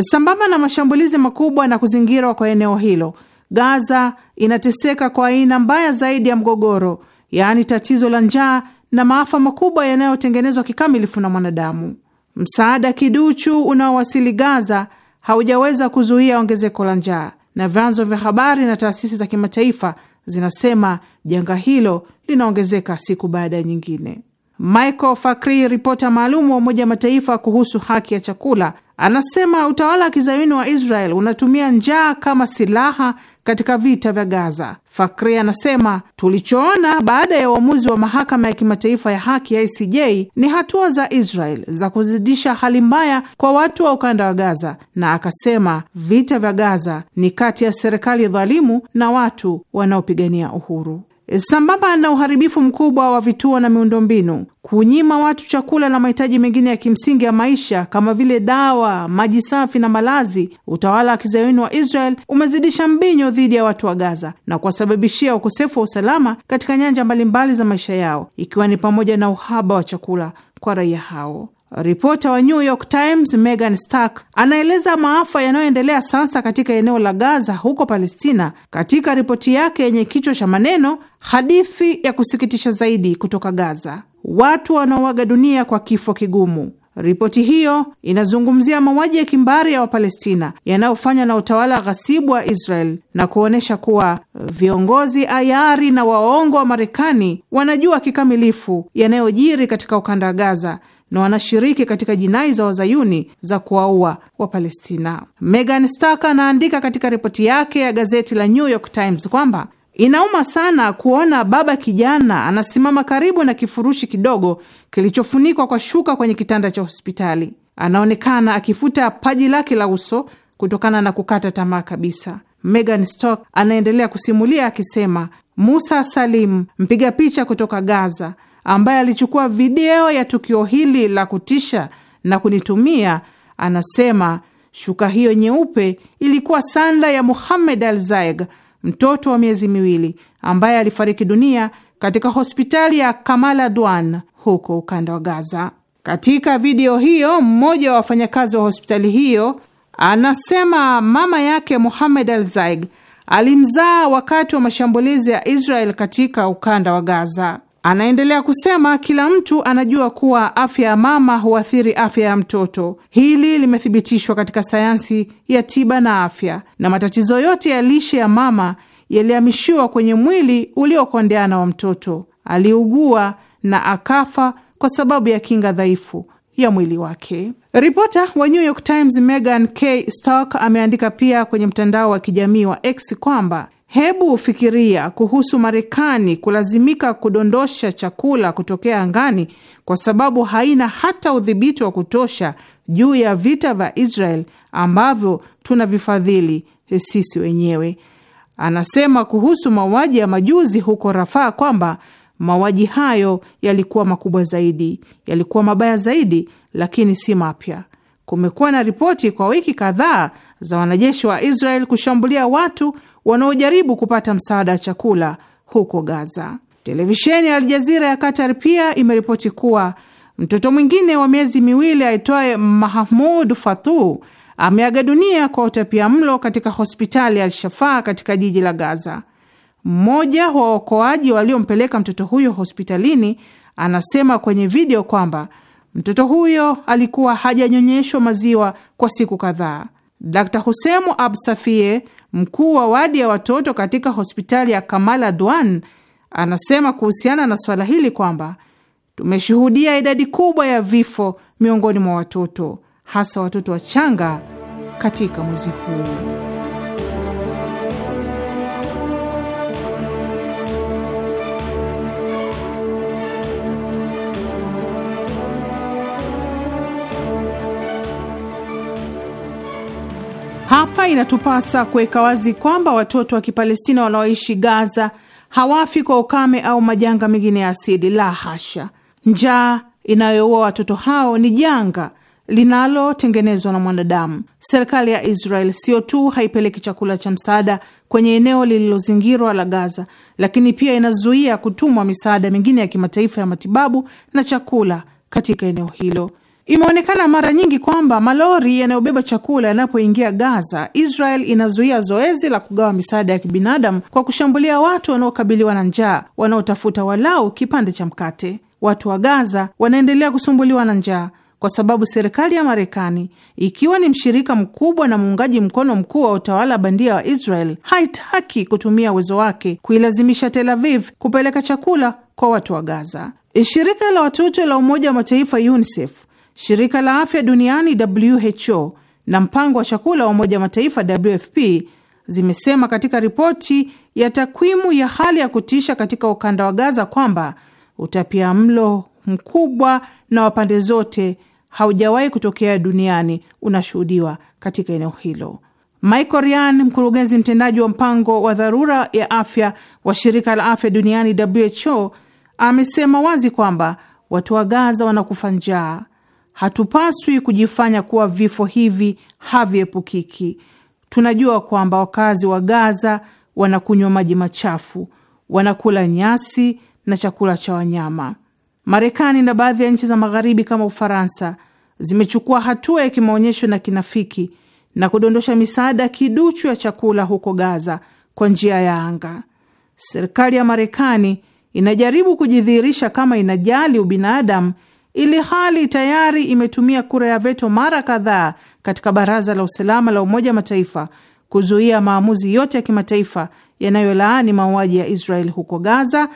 Sambamba na mashambulizi makubwa na kuzingirwa kwa eneo hilo, Gaza inateseka kwa aina mbaya zaidi ya mgogoro, yaani tatizo la njaa na maafa makubwa yanayotengenezwa kikamilifu na mwanadamu. Msaada kiduchu unaowasili Gaza haujaweza kuzuia ongezeko la njaa, na vyanzo vya habari na taasisi za kimataifa zinasema janga hilo linaongezeka siku baada ya nyingine. Michael Fakri, ripota maalum wa Umoja Mataifa kuhusu haki ya chakula, anasema utawala wa kizayuni wa Israel unatumia njaa kama silaha katika vita vya Gaza. Fakri anasema tulichoona baada ya uamuzi wa mahakama ya kimataifa ya haki ya ICJ ni hatua za Israel za kuzidisha hali mbaya kwa watu wa ukanda wa Gaza, na akasema vita vya Gaza ni kati ya serikali dhalimu na watu wanaopigania uhuru. Eh, sambamba na uharibifu mkubwa wa vituo na miundombinu, kunyima watu chakula na mahitaji mengine ya kimsingi ya maisha kama vile dawa, maji safi na malazi, utawala wa kizayuni wa Israel umezidisha mbinyo dhidi ya watu wa Gaza na kuwasababishia ukosefu wa usalama katika nyanja mbalimbali za maisha yao, ikiwa ni pamoja na uhaba wa chakula kwa raia hao. Ripota wa New York Times Megan Stark anaeleza maafa yanayoendelea sasa katika eneo la Gaza huko Palestina, katika ripoti yake yenye kichwa cha maneno hadithi ya kusikitisha zaidi kutoka Gaza, watu wanaoaga dunia kwa kifo kigumu. Ripoti hiyo inazungumzia mauaji ya kimbari ya Wapalestina yanayofanywa na utawala ghasibu wa Israel na kuonyesha kuwa uh, viongozi ayari na waongo wa Marekani wanajua kikamilifu yanayojiri katika ukanda wa Gaza na wanashiriki katika jinai za wazayuni za kuwaua Wapalestina. Megan Stark anaandika katika ripoti yake ya gazeti la New York Times kwamba inauma sana kuona baba kijana anasimama karibu na kifurushi kidogo kilichofunikwa kwa shuka kwenye kitanda cha hospitali. Anaonekana akifuta paji lake la uso kutokana na kukata tamaa kabisa. Megan Stock anaendelea kusimulia akisema, Musa Salim, mpiga picha kutoka Gaza, ambaye alichukua video ya tukio hili la kutisha na kunitumia, anasema shuka hiyo nyeupe ilikuwa sanda ya muhammed al Zaig, mtoto wa miezi miwili, ambaye alifariki dunia katika hospitali ya Kamala Dwan huko ukanda wa Gaza. Katika video hiyo, mmoja wa wafanyakazi wa hospitali hiyo anasema mama yake muhamed al Zaig alimzaa wakati wa mashambulizi ya Israel katika ukanda wa Gaza. Anaendelea kusema kila mtu anajua kuwa afya ya mama huathiri afya ya mtoto. Hili limethibitishwa katika sayansi ya tiba na afya, na matatizo yote ya lishe ya mama yalihamishiwa kwenye mwili uliokondeana wa mtoto. Aliugua na akafa kwa sababu ya kinga dhaifu ya mwili wake. Ripota wa New York Times Megan K Stark ameandika pia kwenye mtandao wa kijamii wa X kwamba Hebu fikiria kuhusu Marekani kulazimika kudondosha chakula kutokea angani kwa sababu haina hata udhibiti wa kutosha juu ya vita vya Israel ambavyo tunavifadhili sisi wenyewe. Anasema kuhusu mauaji ya majuzi huko Rafaa kwamba mauaji hayo yalikuwa makubwa zaidi, yalikuwa mabaya zaidi, lakini si mapya. Kumekuwa na ripoti kwa wiki kadhaa za wanajeshi wa Israel kushambulia watu wanaojaribu kupata msaada wa chakula huko Gaza. Televisheni ya Aljazira ya Qatar pia imeripoti kuwa mtoto mwingine wa miezi miwili aitwaye Mahmud Fatu ameaga dunia kwa utapia mlo katika hospitali ya Alshafa katika jiji la Gaza. Mmoja wa waokoaji waliompeleka mtoto huyo hospitalini anasema kwenye video kwamba mtoto huyo alikuwa hajanyonyeshwa maziwa kwa siku kadhaa. Dkt Husemu Absafie, mkuu wa wadi ya watoto katika hospitali ya Kamala Dwan anasema kuhusiana na swala hili kwamba tumeshuhudia idadi kubwa ya vifo miongoni mwa watoto, hasa watoto wachanga katika mwezi huu. Hapa inatupasa kuweka wazi kwamba watoto wa Kipalestina wanaoishi Gaza hawafi kwa ukame au majanga mengine ya asili, la hasha. Njaa inayoua watoto hao ni janga linalotengenezwa na mwanadamu. Serikali ya Israel sio tu haipeleki chakula cha msaada kwenye eneo lililozingirwa la Gaza, lakini pia inazuia kutumwa misaada mingine ya kimataifa ya matibabu na chakula katika eneo hilo. Imeonekana mara nyingi kwamba malori yanayobeba chakula yanapoingia Gaza, Israel inazuia zoezi la kugawa misaada ya kibinadamu kwa kushambulia watu wanaokabiliwa na njaa, wanaotafuta walau kipande cha mkate. Watu wa Gaza wanaendelea kusumbuliwa na njaa kwa sababu serikali ya Marekani, ikiwa ni mshirika mkubwa na muungaji mkono mkuu wa utawala bandia wa Israel, haitaki kutumia uwezo wake kuilazimisha Tel Aviv kupeleka chakula kwa watu wa Gaza. Shirika la watoto la Umoja wa Mataifa UNICEF Shirika la Afya Duniani WHO na mpango wa chakula wa Umoja Mataifa WFP zimesema katika ripoti ya takwimu ya hali ya kutisha katika ukanda wa Gaza kwamba utapia mlo mkubwa na wa pande zote haujawahi kutokea duniani unashuhudiwa katika eneo hilo. Michael Ryan, mkurugenzi mtendaji wa mpango wa dharura ya afya wa shirika la afya duniani WHO, amesema wazi kwamba watu wa Gaza wanakufa njaa Hatupaswi kujifanya kuwa vifo hivi haviepukiki. Tunajua kwamba wakazi wa Gaza wanakunywa maji machafu, wanakula nyasi na chakula cha wanyama. Marekani na baadhi ya nchi za magharibi kama Ufaransa zimechukua hatua ya kimaonyesho na kinafiki na kudondosha misaada kiduchu ya chakula huko Gaza kwa njia ya anga. Serikali ya Marekani inajaribu kujidhihirisha kama inajali ubinadamu ili hali tayari imetumia kura ya veto mara kadhaa katika Baraza la Usalama la Umoja wa Mataifa kuzuia maamuzi yote ya kimataifa yanayolaani mauaji ya Israel huko Gaza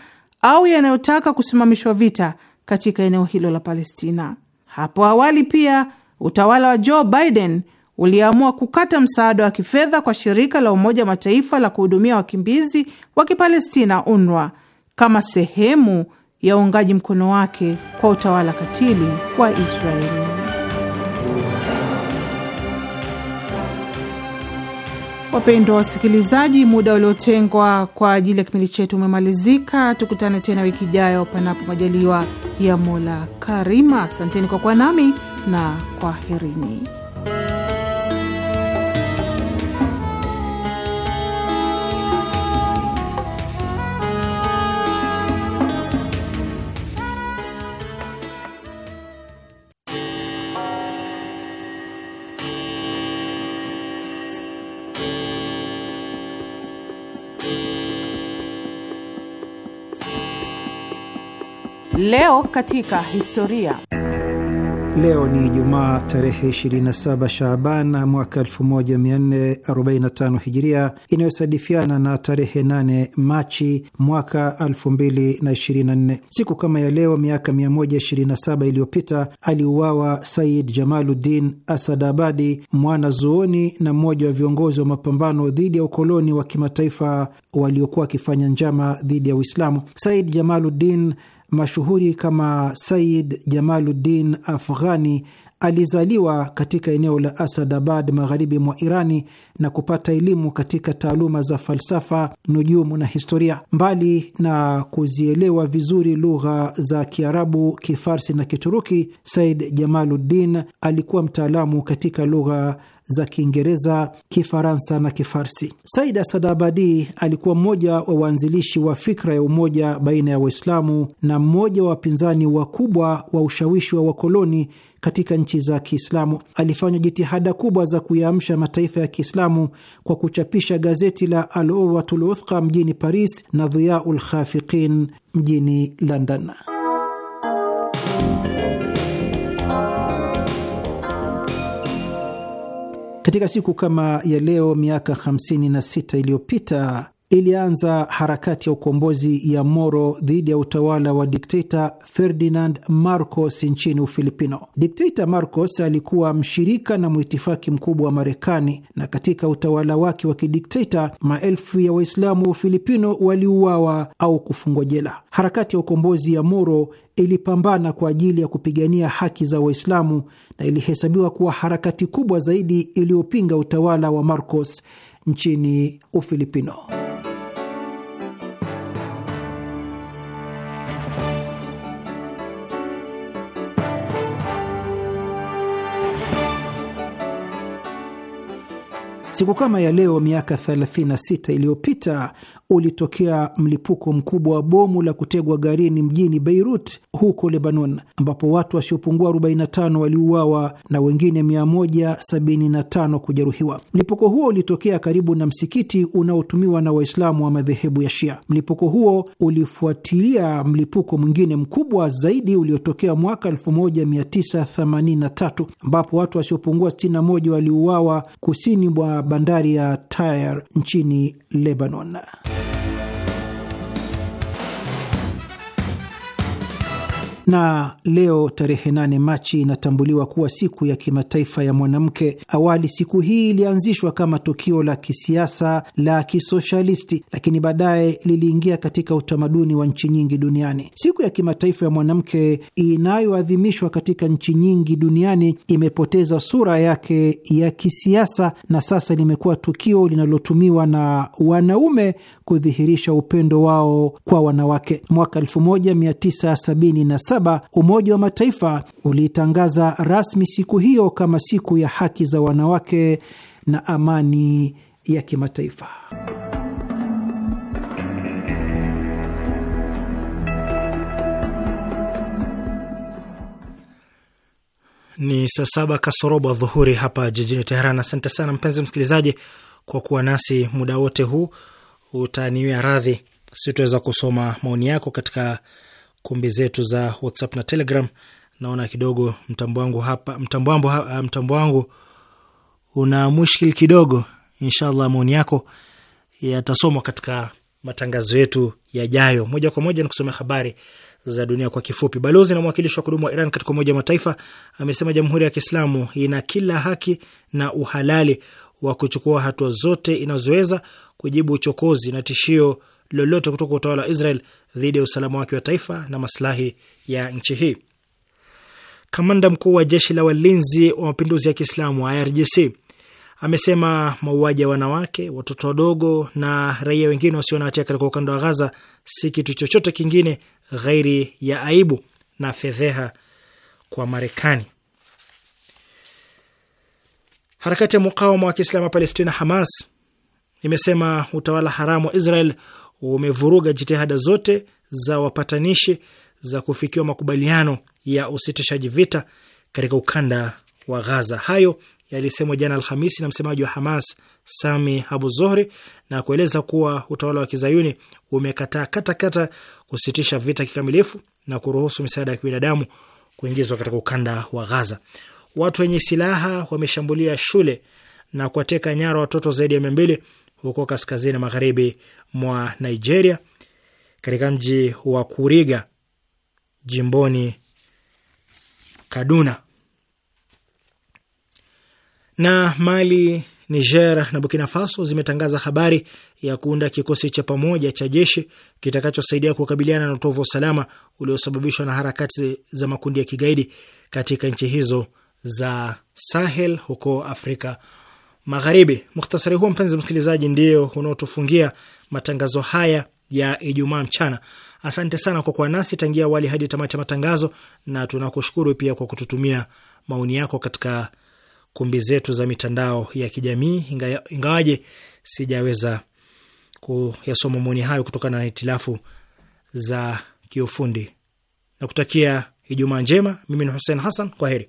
au yanayotaka kusimamishwa vita katika eneo hilo la Palestina. Hapo awali pia utawala wa Joe Biden uliamua kukata msaada wa kifedha kwa shirika la Umoja wa Mataifa la kuhudumia wakimbizi wa Kipalestina, UNRWA, kama sehemu ya uungaji mkono wake kwa utawala katili wa Israeli. Wapendwa wasikilizaji, muda uliotengwa kwa ajili ya kipindi chetu umemalizika. Tukutane tena wiki ijayo, panapo majaliwa ya Mola Karima. Asanteni kwa kuwa nami na kwaherini. Leo katika historia. Leo ni Jumaa tarehe 27 Shaaban mwaka 1445 Hijiria, inayosadifiana na tarehe 8 Machi mwaka 2024. Siku kama ya leo miaka 127 iliyopita aliuawa Said Jamaluddin Asadabadi, mwana zuoni na mmoja wa viongozi wa mapambano dhidi ya ukoloni wa kimataifa waliokuwa wakifanya njama dhidi ya Uislamu. Said Jamaluddin mashuhuri kama Sayid Jamaluddin Afghani Alizaliwa katika eneo la Asadabad magharibi mwa Irani na kupata elimu katika taaluma za falsafa, nujumu na historia. Mbali na kuzielewa vizuri lugha za Kiarabu, Kifarsi na Kituruki, Said Jamaluddin alikuwa mtaalamu katika lugha za Kiingereza, Kifaransa na Kifarsi. Said Asadabadi alikuwa mmoja wa waanzilishi wa fikra ya umoja baina ya Waislamu na mmoja wa wapinzani wakubwa wa ushawishi wa wakoloni katika nchi za Kiislamu. Alifanya jitihada kubwa za kuyaamsha mataifa ya Kiislamu kwa kuchapisha gazeti la Al Urwatul Wuthqa mjini Paris na Dhiyaul Khafiqin mjini London. Katika siku kama ya leo miaka 56 iliyopita ilianza harakati ya ukombozi ya Moro dhidi ya utawala wa dikteta Ferdinand Marcos nchini Ufilipino. Dikteta Marcos alikuwa mshirika na mwitifaki mkubwa wa Marekani, na katika utawala wake wa kidikteta maelfu ya Waislamu wa Ufilipino waliuawa au kufungwa jela. Harakati ya ukombozi ya Moro ilipambana kwa ajili ya kupigania haki za Waislamu na ilihesabiwa kuwa harakati kubwa zaidi iliyopinga utawala wa Marcos nchini Ufilipino. Siku kama ya leo miaka 36 iliyopita ulitokea mlipuko mkubwa wa bomu la kutegwa garini mjini Beirut huko Lebanon, ambapo watu wasiopungua 45 waliuawa na wengine 175 kujeruhiwa. Mlipuko huo ulitokea karibu na msikiti unaotumiwa na Waislamu wa madhehebu ya Shia. Mlipuko huo ulifuatilia mlipuko mwingine mkubwa zaidi uliotokea mwaka 1983 ambapo watu wasiopungua 61 waliuawa kusini mwa bandari ya Tyre nchini Lebanon. Na leo tarehe 8 Machi inatambuliwa kuwa siku ya kimataifa ya mwanamke. Awali siku hii ilianzishwa kama tukio la kisiasa la kisoshalisti, lakini baadaye liliingia katika utamaduni wa nchi nyingi duniani. Siku ya kimataifa ya mwanamke inayoadhimishwa katika nchi nyingi duniani imepoteza sura yake ya kisiasa na sasa limekuwa tukio linalotumiwa na wanaume kudhihirisha upendo wao kwa wanawake. Mwaka 1977 1967 Umoja wa Mataifa ulitangaza rasmi siku hiyo kama siku ya haki za wanawake na amani ya kimataifa. Ni saa saba kasorobo dhuhuri hapa jijini Teheran. Asante sana mpenzi msikilizaji kwa kuwa nasi muda wote huu. Utaniwia radhi, sitoweza kusoma maoni yako katika kumbi zetu za WhatsApp na Telegram. Naona kidogo mtambo wangu hapa, mtambo wangu eh, mtambo wangu una mushkil kidogo. Inshallah maoni yako yatasomwa katika matangazo yetu yajayo. Moja kwa moja nikusomea habari za dunia kwa kifupi. Balozi na mwakilishi wa kudumu wa Iran katika Umoja wa Mataifa amesema Jamhuri ya Kiislamu ina kila haki na uhalali wa kuchukua hatua zote inazoweza kujibu uchokozi na tishio lolote kutoka utawala wa Israel dhidi ya usalama wake wa taifa na maslahi ya nchi hii. Kamanda mkuu wa jeshi la walinzi wa mapinduzi ya Kiislamu IRGC amesema mauaji ya wanawake, watoto wadogo na raia wengine wasio na hatia katika ukanda wa Gaza si kitu chochote kingine ghairi ya aibu na fedheha kwa Marekani. Harakati ya mukawama wa Kiislamu ya Palestina, Hamas, imesema utawala haramu wa Israel umevuruga jitihada zote za wapatanishi za kufikiwa makubaliano ya usitishaji vita katika ukanda wa Gaza. Hayo yalisemwa jana Alhamisi na msemaji wa Hamas Sami Abu Zohri na kueleza kuwa utawala wa kizayuni umekataa katakata kusitisha vita kikamilifu na kuruhusu misaada ya kibinadamu kuingizwa katika ukanda wa Gaza. Watu wenye silaha wameshambulia shule na kuwateka nyara watoto zaidi ya mia mbili huko kaskazini magharibi mwa Nigeria, katika mji wa Kuriga jimboni Kaduna. Na Mali, Niger na Burkina Faso zimetangaza habari ya kuunda kikosi cha pamoja cha jeshi kitakachosaidia kukabiliana na utovu wa usalama uliosababishwa na harakati za makundi ya kigaidi katika nchi hizo za Sahel huko Afrika magharibi. muhtasari huo mpenzi msikilizaji, ndio unaotufungia matangazo haya ya Ijumaa mchana. Asante sana kwa kuwa nasi tangia awali hadi tamati ya matangazo, na tunakushukuru pia kwa kututumia maoni yako katika kumbi zetu za mitandao ya kijamii, ingawaje sijaweza kuyasoma maoni hayo kutokana na hitilafu za kiufundi. Nakutakia Ijumaa njema. Mimi ni Hussein Hassan, kwa heri.